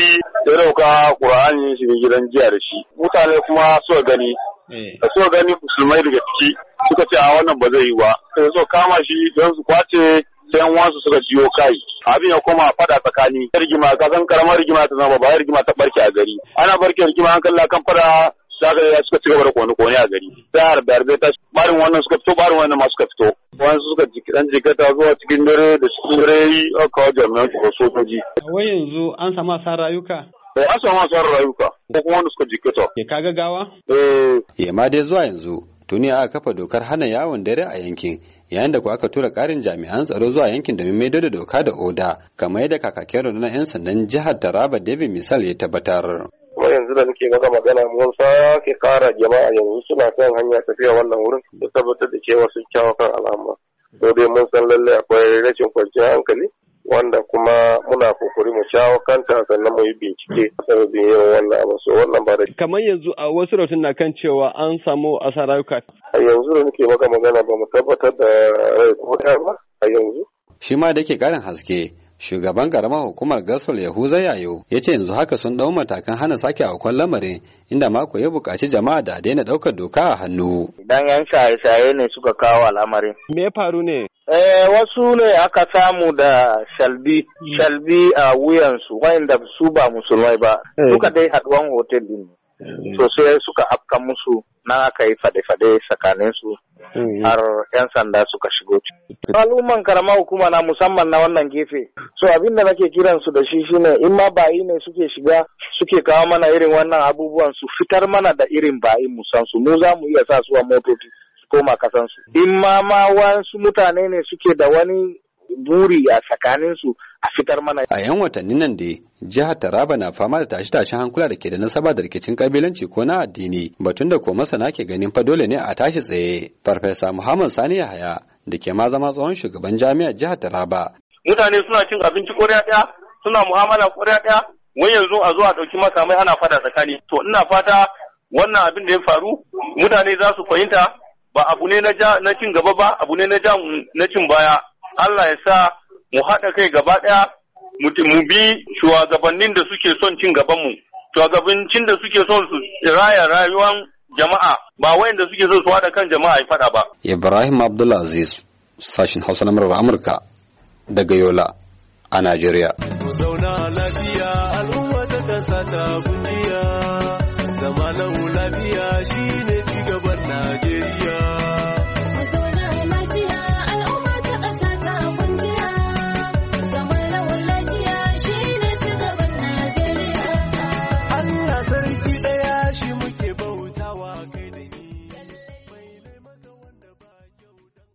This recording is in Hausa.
bi ya dauka Qur'ani shiga gidan jiya da shi mutane kuma so gani eh. da so gani musulmai daga ciki suka ce a wannan ba zai yi ba sai so kama shi don su kwace sai wasu suka jiyo kai abin ya koma fada tsakani rigima ka san karamar rigima ta zama ba rigima ta barke a gari ana barke rigima an kalla kan fada zaka ga suka ci gaba da kone kone a gari sai harbe harbe ta barin wannan suka fito barin wannan ma suka fito wani suka dan jikata zuwa cikin dare da cikin dare aka kawo jami'an ko sojoji wai yanzu an samu asarar rayuka eh an samu asarar rayuka ko kuma wani suka jikata ke ga gawa eh ya ma dai zuwa yanzu tuni aka kafa dokar hana yawon dare a yankin yayin da ku aka tura karin jami'an tsaro zuwa yankin domin maido da doka da oda kamar yadda kakakin rundunar 'yan sandan jihar taraba david misal ya tabbatar kuma yanzu da nake maka magana mun sake kara jama'a yanzu suna kan hanya tafiya wannan wurin da tabbatar da cewa sun kyawa kan al'amma to dai mun san lallai akwai rashin kwanciyar hankali wanda kuma muna kokari mu shawo kanta sannan mu yi bincike sanadin yawan wannan abu so wannan ba da kamar yanzu a wasu rautun na kan cewa an samu asar rayuka a yanzu da nake maka magana ba mu tabbatar da rai ko ba a yanzu shi ma da yake karin haske shugaban karamar hukumar gasol yahuza yayo ya ce yanzu haka sun dau matakan hana sake aukuwar lamarin inda mako ya buƙaci jama'a da daina ɗaukar doka a hannu idan yan shaye-shaye ne suka kawo al'amarin me ya faru ne eh, wasu ne aka samu da shalbi hmm. shalbi a wuyansu wayanda su ba musulmai ba eh. suka dai haɗuwan hotel din eh. so sai suka afka musu na aka yi fade-fade tsakaninsu hmm. har 'yan sanda suka shigo Al'umman karama hukuma na musamman na wannan gefe. So abin da nake kiran su da shi shine in ma bayi ne suke shiga suke kawo mana irin wannan abubuwan su fitar mana da irin bayi mu san su mu za mu iya sa su a motoci su koma kasan su. In ma ma wasu mutane ne suke da wani buri a tsakanin su a fitar mana. A yan watannin nan da jihar Taraba na fama da tashe-tashen hankula da ke da nasaba da rikicin kabilanci ko na addini batun da ko masana ke ganin fa dole ne a tashi tsaye. Farfesa Muhammad Sani Yahaya da ke ma zama tsohon shugaban jami'ar jihar Taraba. Mutane suna cin abinci ƙuriya ɗaya, suna mu'amala ƙuriya ɗaya, wai yanzu a zo a ɗauki makamai ana fada tsakani. To ina fata wannan abin da ya faru mutane za su fahimta ba abu ne na cin gaba ba abu ne na cin baya. Allah ya sa mu haɗa kai gaba ɗaya mu bi shugabannin da suke son cin gabanmu. Shugabancin da suke son su raya rayuwan jama'a ba wayanda suke so su haɗa kan jama'a ya faɗa ba. Ibrahim Abdulaziz sashin Hausa na murar Amurka daga Yola a Najeriya. Mu zauna lafiya al'umma ta kasa ta